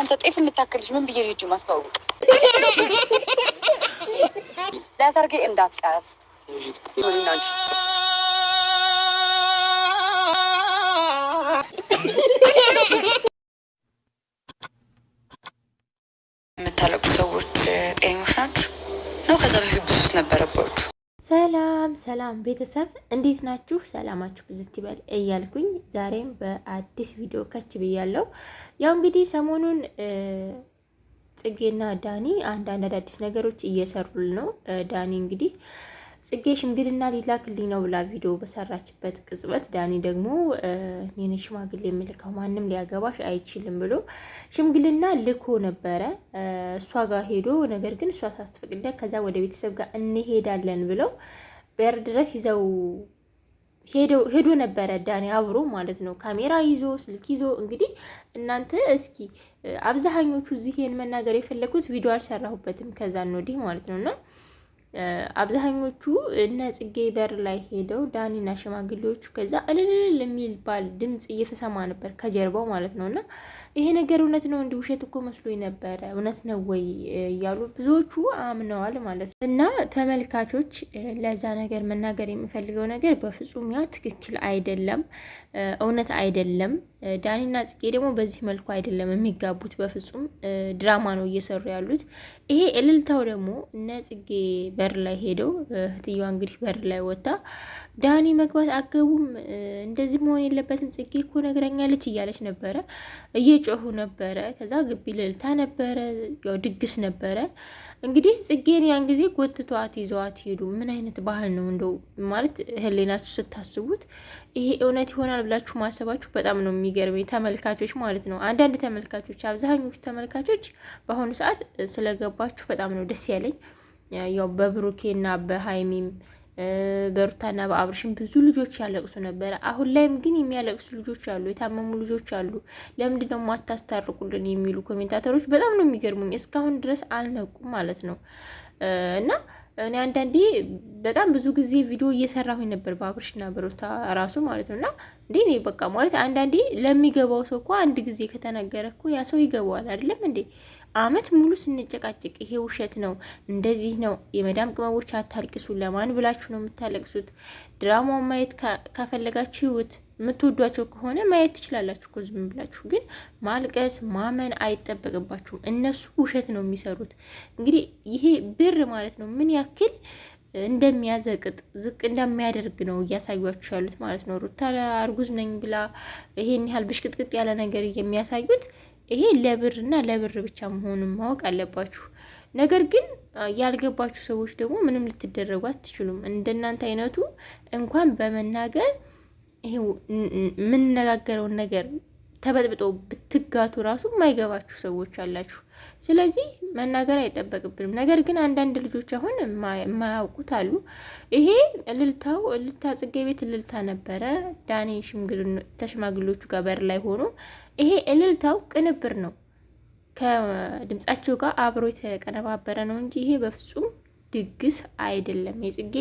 አንተ ጤፍ የምታክልሽ ምን ብዬ ልጅ ማስተዋወቅ ለሰርጌ እንዳትቀያት ሰላም ሰላም ቤተሰብ እንዴት ናችሁ? ሰላማችሁ ብዝት ይበል እያልኩኝ ዛሬም በአዲስ ቪዲዮ ከች ብያለሁ። ያው እንግዲህ ሰሞኑን ጽጌና ዳኒ አንዳንድ አዳዲስ ነገሮች እየሰሩል ነው። ዳኒ እንግዲህ ጽጌ ሽምግልና ሊላክልኝ ነው ብላ ቪዲዮ በሰራችበት ቅጽበት ዳኒ ደግሞ እኔን ሽማግሌ የምልከው ማንም ሊያገባሽ አይችልም ብሎ ሽምግልና ልኮ ነበረ እሷ ጋር ሄዶ፣ ነገር ግን እሷ ሳትፈቅደ ከዛ ወደ ቤተሰብ ጋር እንሄዳለን ብለው በር ድረስ ይዘው ሄዶ ነበረ ዳኒ አብሮ ማለት ነው። ካሜራ ይዞ ስልክ ይዞ እንግዲህ እናንተ እስኪ አብዛኞቹ እዚህ ይሄን መናገር የፈለኩት ቪዲዮ አልሰራሁበትም ከዛን ወዲህ ማለት ነው እና አብዛኞቹ እነ ጽጌ በር ላይ ሄደው ዳኒና ሽማግሌዎቹ ከዛ እልልል የሚባል ድምፅ እየተሰማ ነበር ከጀርባው ማለት ነው እና ይሄ ነገር እውነት ነው እንዲህ ውሸት እኮ መስሎ ነበረ እውነት ነው ወይ እያሉ ብዙዎቹ አምነዋል ማለት ነው። እና ተመልካቾች ለዛ ነገር መናገር የሚፈልገው ነገር በፍጹም ያ ትክክል አይደለም፣ እውነት አይደለም። ዳኒና ጽጌ ደግሞ በዚህ መልኩ አይደለም የሚጋቡት፣ በፍጹም ድራማ ነው እየሰሩ ያሉት። ይሄ እልልታው ደግሞ እነ ጽጌ በር ላይ ሄደው እህትየዋ እንግዲህ በር ላይ ወታ ዳኒ መግባት አገቡም እንደዚህ መሆን የለበትም ጽጌ እኮ ነግረኛለች እያለች ነበረ ይጮሁ ነበረ። ከዛ ግቢ ልልታ ነበረ። ያው ድግስ ነበረ እንግዲህ ጽጌን ያን ጊዜ ጎትቷት ይዘዋት ሄዱ። ምን አይነት ባህል ነው እንደው ማለት ህሌናችሁ ስታስቡት ይሄ እውነት ይሆናል ብላችሁ ማሰባችሁ በጣም ነው የሚገርመኝ ተመልካቾች ማለት ነው። አንዳንድ ተመልካቾች፣ አብዛኞቹ ተመልካቾች በአሁኑ ሰዓት ስለገባችሁ በጣም ነው ደስ ያለኝ። ያው በብሩኬ እና በሀይሚም በሩታና በአብርሽም ብዙ ልጆች ያለቅሱ ነበረ። አሁን ላይም ግን የሚያለቅሱ ልጆች አሉ፣ የታመሙ ልጆች አሉ። ለምንድን ደግሞ አታስታርቁልን የሚሉ ኮሜንታተሮች በጣም ነው የሚገርሙኝ። እስካሁን ድረስ አልነቁም ማለት ነው እና እኔ አንዳንዴ በጣም ብዙ ጊዜ ቪዲዮ እየሰራሁኝ ነበር በአብርሽና በሩታ ራሱ ማለት ነው እና እንዴ እኔ በቃ ማለት አንዳንዴ ለሚገባው ሰው እኮ አንድ ጊዜ ከተነገረ እኮ ያ ሰው ይገባዋል አይደለም እንዴ? አመት ሙሉ ስንጨቃጭቅ ይሄ ውሸት ነው እንደዚህ ነው የመዳም ቅመሞች አታልቅሱ፣ ለማን ብላችሁ ነው የምታለቅሱት? ድራማው ማየት ካፈለጋችሁ ይሁት። የምትወዷቸው ከሆነ ማየት ትችላላችሁ እኮ ዝም ብላችሁ። ግን ማልቀስ ማመን አይጠበቅባችሁም። እነሱ ውሸት ነው የሚሰሩት። እንግዲህ ይሄ ብር ማለት ነው ምን ያክል እንደሚያዘቅጥ ዝቅ እንደሚያደርግ ነው እያሳዩችሁ ያሉት ማለት ነው። ሩታ አርጉዝ ነኝ ብላ ይሄን ያህል ብሽቅጥቅጥ ያለ ነገር የሚያሳዩት ይሄ ለብር እና ለብር ብቻ መሆኑን ማወቅ አለባችሁ። ነገር ግን ያልገባችሁ ሰዎች ደግሞ ምንም ልትደረጉ አትችሉም። እንደናንተ አይነቱ እንኳን በመናገር ይሄ የምንነጋገረውን ነገር ተበጥብጦ ብትጋቱ ራሱ የማይገባችሁ ሰዎች አላችሁ። ስለዚህ መናገር አይጠበቅብንም። ነገር ግን አንዳንድ ልጆች አሁን የማያውቁት አሉ። ይሄ እልልታው እልልታ ጽጌ ቤት እልልታ ነበረ። ዳኔ ተሽማግሎቹ ጋር በር ላይ ሆኖ ይሄ እልልታው ቅንብር ነው፣ ከድምጻቸው ጋር አብሮ የተቀነባበረ ነው እንጂ ይሄ በፍጹም ድግስ አይደለም። የጽጌ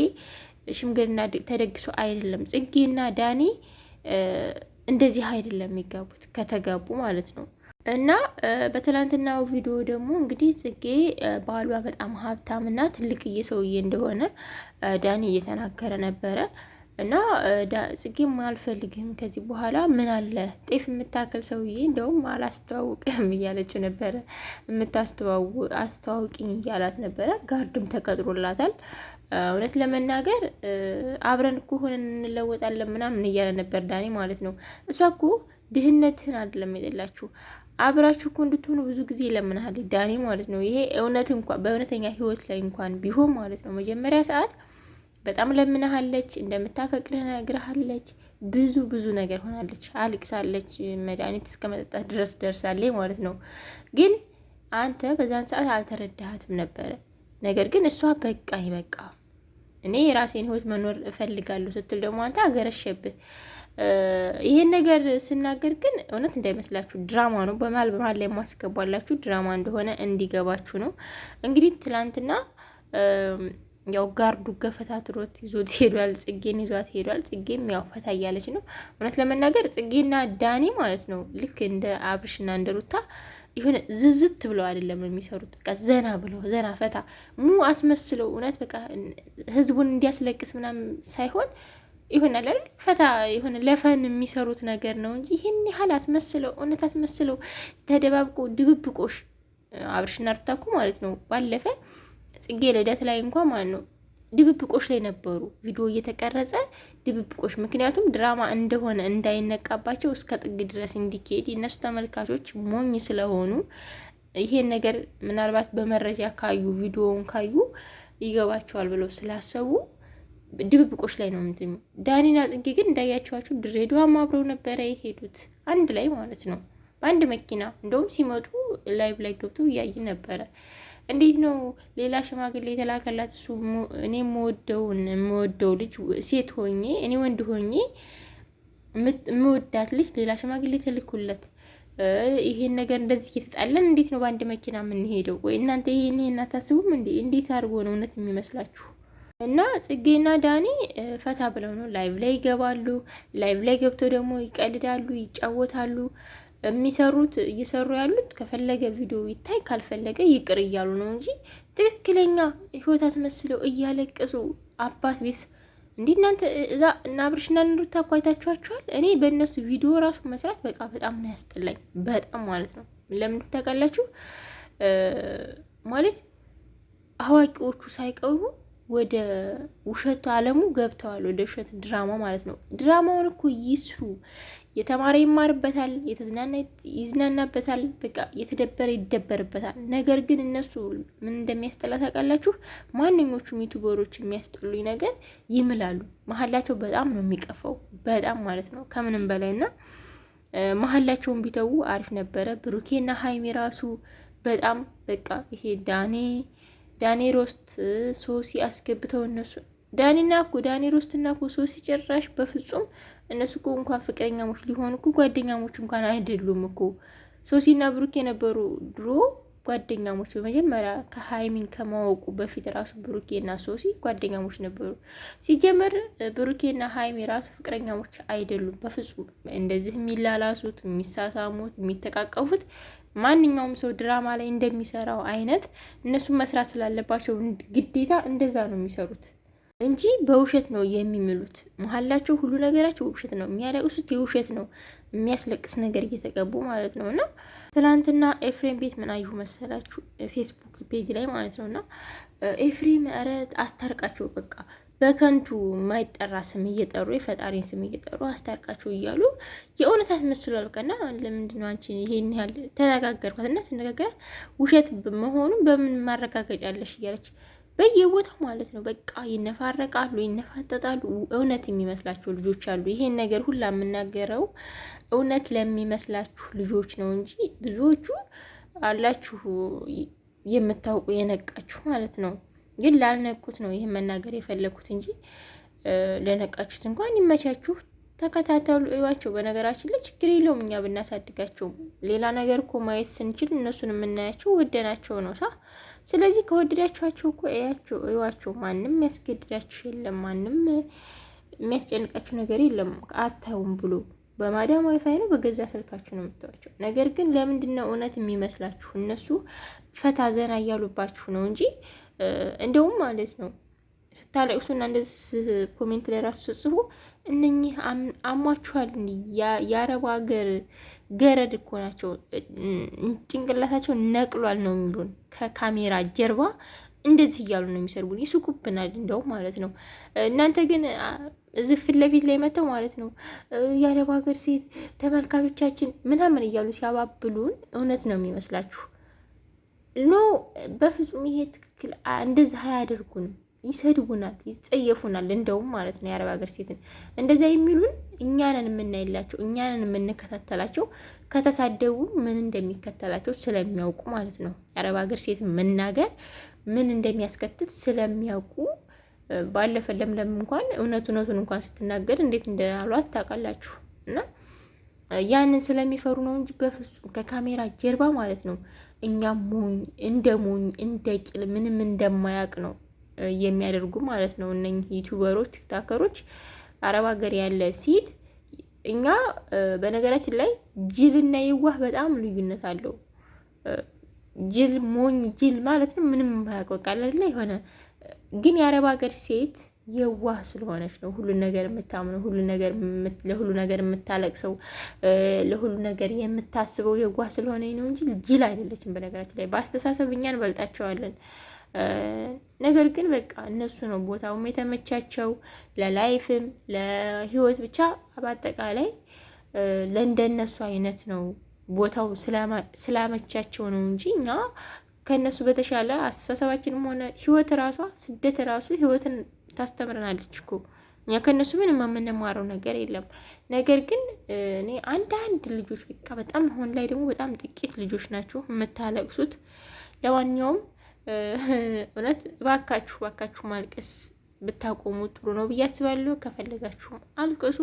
ሽምግልና ተደግሶ አይደለም። ጽጌና ዳኔ እንደዚህ አይደለም የሚጋቡት ከተጋቡ ማለት ነው። እና በትላንትናው ቪዲዮ ደግሞ እንግዲህ ጽጌ ባሏ በጣም ሀብታም እና ትልቅዬ ሰውዬ እንደሆነ ዳኒ እየተናገረ ነበረ። እና ጽጌም አልፈልግም ከዚህ በኋላ ምን አለ ጤፍ የምታክል ሰውዬ እንደውም አላስተዋውቅም እያለችው ነበረ። የምታስተዋውቅ አስተዋውቂኝ እያላት ነበረ። ጋርድም ተቀጥሮላታል። እውነት ለመናገር አብረን እኮ ሆነን እንለወጣለን ምናምን እያለ ነበር ዳኒ ማለት ነው። እሷ እኮ ድህነትህን አይደለም የጠላችሁ አብራችሁ እኮ እንድትሆኑ ብዙ ጊዜ ለምናሃል ዳኒ ማለት ነው። ይሄ እውነት እንኳ በእውነተኛ ህይወት ላይ እንኳን ቢሆን ማለት ነው መጀመሪያ ሰዓት በጣም ለምናሃለች፣ እንደምታፈቅርህ ነግርሃለች፣ ብዙ ብዙ ነገር ሆናለች፣ አልቅሳለች፣ መድኃኒት እስከ መጠጣት ድረስ ደርሳለች ማለት ነው። ግን አንተ በዛን ሰዓት አልተረዳሃትም ነበረ ነገር ግን እሷ በቃ ይበቃ እኔ የራሴን ህይወት መኖር እፈልጋለሁ ስትል ደግሞ አንተ አገረሸብህ። ይሄን ነገር ስናገር ግን እውነት እንዳይመስላችሁ ድራማ ነው። በመሀል በመሀል ላይ የማስገባላችሁ ድራማ እንደሆነ እንዲገባችሁ ነው። እንግዲህ ትላንትና ያው ጋርዱ ገፈታትሮት ይዞት ሄዷል። ጽጌን ይዟት ሄዷል። ጽጌም ያው ፈታ እያለች ነው። እውነት ለመናገር ጽጌና ዳኒ ማለት ነው ልክ እንደ አብርሽና እንደ ሩታ የሆነ ዝዝት ብለው አይደለም የሚሰሩት። በቃ ዘና ብለው ዘና ፈታ ሙ አስመስለው እውነት በቃ ህዝቡን እንዲያስለቅስ ምናምን ሳይሆን ይሆን አለ ፈታ የሆነ ለፈን የሚሰሩት ነገር ነው እንጂ ይህን ያህል አስመስለው እውነት አስመስለው ተደባብቆ ድብብቆሽ አብርሽና ሩታ እኮ ማለት ነው ባለፈ ጽጌ ልደት ላይ እንኳ ማለት ነው ድብብቆሽ ላይ ነበሩ። ቪዲዮ እየተቀረጸ ድብብቆሽ፣ ምክንያቱም ድራማ እንደሆነ እንዳይነቃባቸው እስከ ጥግ ድረስ እንዲካሄድ የእነሱ ተመልካቾች ሞኝ ስለሆኑ ይሄን ነገር ምናልባት በመረጃ ካዩ ቪዲዮውን ካዩ ይገባቸዋል ብለው ስላሰቡ ድብብቆች ላይ ነው ምንድን ዳኒና ጽጌ ግን እንዳያቸዋቸው ድሬዳዋም አብረው ነበረ የሄዱት አንድ ላይ ማለት ነው፣ በአንድ መኪና እንደውም ሲመጡ ላይቭ ላይ ገብተው እያይ ነበረ። እንዴት ነው ሌላ ሽማግሌ የተላከላት እሱ እኔ የምወደውን የምወደው ልጅ ሴት ሆኜ እኔ ወንድ ሆኜ የምወዳት ልጅ ሌላ ሽማግሌ ተልኩለት ይሄን ነገር እንደዚህ እየተጣለን እንዴት ነው በአንድ መኪና የምንሄደው? ወይ እናንተ ይሄን ይሄን አታስቡም እንዴ? እንዴት አድርጎ ነው እውነት የሚመስላችሁ? እና ጽጌና ዳኒ ፈታ ብለው ነው ላይቭ ላይ ይገባሉ። ላይቭ ላይ ገብተው ደግሞ ይቀልዳሉ፣ ይጫወታሉ። የሚሰሩት እየሰሩ ያሉት ከፈለገ ቪዲዮ ይታይ ካልፈለገ ይቅር እያሉ ነው እንጂ ትክክለኛ ህይወት አስመስለው እያለቀሱ አባት ቤት እንዴ እናንተ እዛ እና አብርሽና እንሩታ እኮ አይታችኋቸዋል። እኔ በእነሱ ቪዲዮ ራሱ መስራት በቃ በጣም ነው ያስጠላኝ፣ በጣም ማለት ነው። ለምን ታውቃላችሁ? ማለት አዋቂዎቹ ሳይቀሩ ወደ ውሸቱ አለሙ ገብተዋል፣ ወደ ውሸት ድራማ ማለት ነው። ድራማውን እኮ ይስሩ የተማረ ይማርበታል፣ የተዝናና ይዝናናበታል፣ በቃ የተደበረ ይደበርበታል። ነገር ግን እነሱ ምን እንደሚያስጠላ ታውቃላችሁ? ማንኞቹም ዩቱበሮች የሚያስጠሉኝ ነገር ይምላሉ። መሀላቸው በጣም ነው የሚቀፋው፣ በጣም ማለት ነው ከምንም በላይ እና መሀላቸውን ቢተዉ አሪፍ ነበረ። ብሩኬና ሀይሚ ራሱ በጣም በቃ ይሄ ዳኔ ዳኔ ሮስት ሶሲ አስገብተው እነሱ ዳኒና እኮ ዳኒ ሮስትና እኮ ሶሲ ጭራሽ በፍጹም እነሱ እኮ እንኳን ፍቅረኛሞች ሊሆኑ እኮ ጓደኛሞች እንኳን አይደሉም እኮ ሶሲና ብሩክ የነበሩ ድሮ ጓደኛሞች በመጀመሪያ ከሀይሚን ከማወቁ በፊት ራሱ ብሩኬና ሶሲ ጓደኛሞች ነበሩ። ሲጀመር ብሩኬና ሀይሚ ራሱ ፍቅረኛሞች አይደሉም በፍጹም። እንደዚህ የሚላላሱት፣ የሚሳሳሙት፣ የሚተቃቀፉት ማንኛውም ሰው ድራማ ላይ እንደሚሰራው አይነት እነሱ መስራት ስላለባቸው ግዴታ እንደዛ ነው የሚሰሩት። እንጂ በውሸት ነው የሚምሉት። መሀላቸው ሁሉ ነገራቸው ውሸት ነው። የሚያለቅሱት የውሸት ነው። የሚያስለቅስ ነገር እየተቀቡ ማለት ነው። እና ትናንትና ኤፍሬም ቤት ምን አዩ መሰላችሁ? ፌስቡክ ፔጅ ላይ ማለት ነው። እና ኤፍሬም ኧረ አስታርቃቸው በቃ በከንቱ የማይጠራ ስም እየጠሩ የፈጣሪን ስም እየጠሩ አስታርቃቸው እያሉ የእውነት አስመስሏል። ቀና ለምንድን ነው አንቺ ይሄን ያህል ተነጋገርኳት እና ስነጋገራት ውሸት መሆኑን በምን ማረጋገጫ እያለች በየቦታው ማለት ነው። በቃ ይነፋረቃሉ፣ ይነፋጠጣሉ። እውነት የሚመስላቸው ልጆች አሉ። ይሄን ነገር ሁላ የምናገረው እውነት ለሚመስላችሁ ልጆች ነው እንጂ ብዙዎቹ አላችሁ የምታውቁ የነቃችሁ ማለት ነው። ግን ላልነቁት ነው ይህን መናገር የፈለኩት እንጂ ለነቃችሁት እንኳን ይመቻችሁ። ተከታተሉ፣ እዩዋቸው። በነገራችን ላይ ችግር የለውም እኛ ብናሳድጋቸው፣ ሌላ ነገር እኮ ማየት ስንችል እነሱን የምናያቸው ወደናቸው ነው ሳ ስለዚህ ከወደዳችኋቸው እኮ እያቸው፣ እዩዋቸው። ማንም ያስገድዳችሁ የለም፣ ማንም የሚያስጨንቃችሁ ነገር የለም። አታዩም ብሎ በማዳም ዋይፋይ ነው በገዛ ስልካችሁ ነው የምታዩቸው። ነገር ግን ለምንድን ነው እውነት የሚመስላችሁ? እነሱ ፈታ ዘና እያሉባችሁ ነው እንጂ እንደውም ማለት ነው ስታለቅሱና እንደዚህ ኮሜንት ላይ ራሱ ስጽፉ እነኚህ አሟችኋል። የአረብ ሀገር ገረድ እኮ ናቸው። ጭንቅላታቸው ነቅሏል ነው የሚሉን። ከካሜራ ጀርባ እንደዚህ እያሉ ነው የሚሰርቡን። ይስቁብናል እንደው ማለት ነው። እናንተ ግን እዚህ ፊት ለፊት ላይ መጥተው ማለት ነው የአረብ ሀገር ሴት ተመልካቾቻችን ምናምን እያሉ ሲያባብሉን እውነት ነው የሚመስላችሁ? ኖ በፍጹም ይሄ ትክክል፣ እንደዚህ አያደርጉንም። ይሰድቡናል፣ ይጸየፉናል። እንደውም ማለት ነው የአረብ ሀገር ሴትን እንደዚያ የሚሉን እኛንን የምናይላቸው እኛንን የምንከታተላቸው ከተሳደቡ ምን እንደሚከተላቸው ስለሚያውቁ ማለት ነው የአረብ ሀገር ሴት መናገር ምን እንደሚያስከትል ስለሚያውቁ ባለፈ ለምለም እንኳን እውነት እውነቱን እንኳን ስትናገር እንዴት እንዳሏት ታውቃላችሁ። እና ያንን ስለሚፈሩ ነው እንጂ በፍጹም ከካሜራ ጀርባ ማለት ነው እኛም ሞኝ እንደ ሞኝ እንደ ቂል ምንም እንደማያውቅ ነው የሚያደርጉ ማለት ነው። እነኝህ ዩቱበሮች፣ ቲክታከሮች አረብ ሀገር ያለ ሴት እኛ በነገራችን ላይ ጅልና የዋህ በጣም ልዩነት አለው። ጅል ሞኝ ጅል ነው። ምንም ማያቆቃል አይደለ? የሆነ ግን የአረብ ሀገር ሴት የዋህ ስለሆነች ነው ሁሉን ነገር የምታምነው፣ ሁሉ ነገር ለሁሉ ነገር የምታለቅሰው፣ ለሁሉ ነገር የምታስበው የዋህ ስለሆነ ነው እንጂ ጅል አይደለችም። በነገራችን ላይ በአስተሳሰብ እኛ እንበልጣቸዋለን። ነገር ግን በቃ እነሱ ነው ቦታውም የተመቻቸው ለላይፍም ለህይወት ብቻ በአጠቃላይ ለእንደነሱ አይነት ነው ቦታው ስላመቻቸው ነው እንጂ እኛ ከእነሱ በተሻለ አስተሳሰባችንም ሆነ ህይወት ራሷ ስደት ራሱ ህይወትን ታስተምረናለች እኮ እኛ ከእነሱ ምንም የምንማረው ነገር የለም። ነገር ግን እኔ አንዳንድ ልጆች በቃ በጣም አሁን ላይ ደግሞ በጣም ጥቂት ልጆች ናቸው የምታለቅሱት። ለማንኛውም እውነት ባካችሁ ባካችሁ ማልቀስ ብታቆሙ ጥሩ ነው ብዬ አስባለሁ። ከፈለጋችሁም አልቅሱ።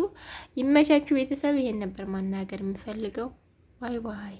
ይመቻችሁ ቤተሰብ። ይሄን ነበር ማናገር የምፈልገው። ባይ ባይ።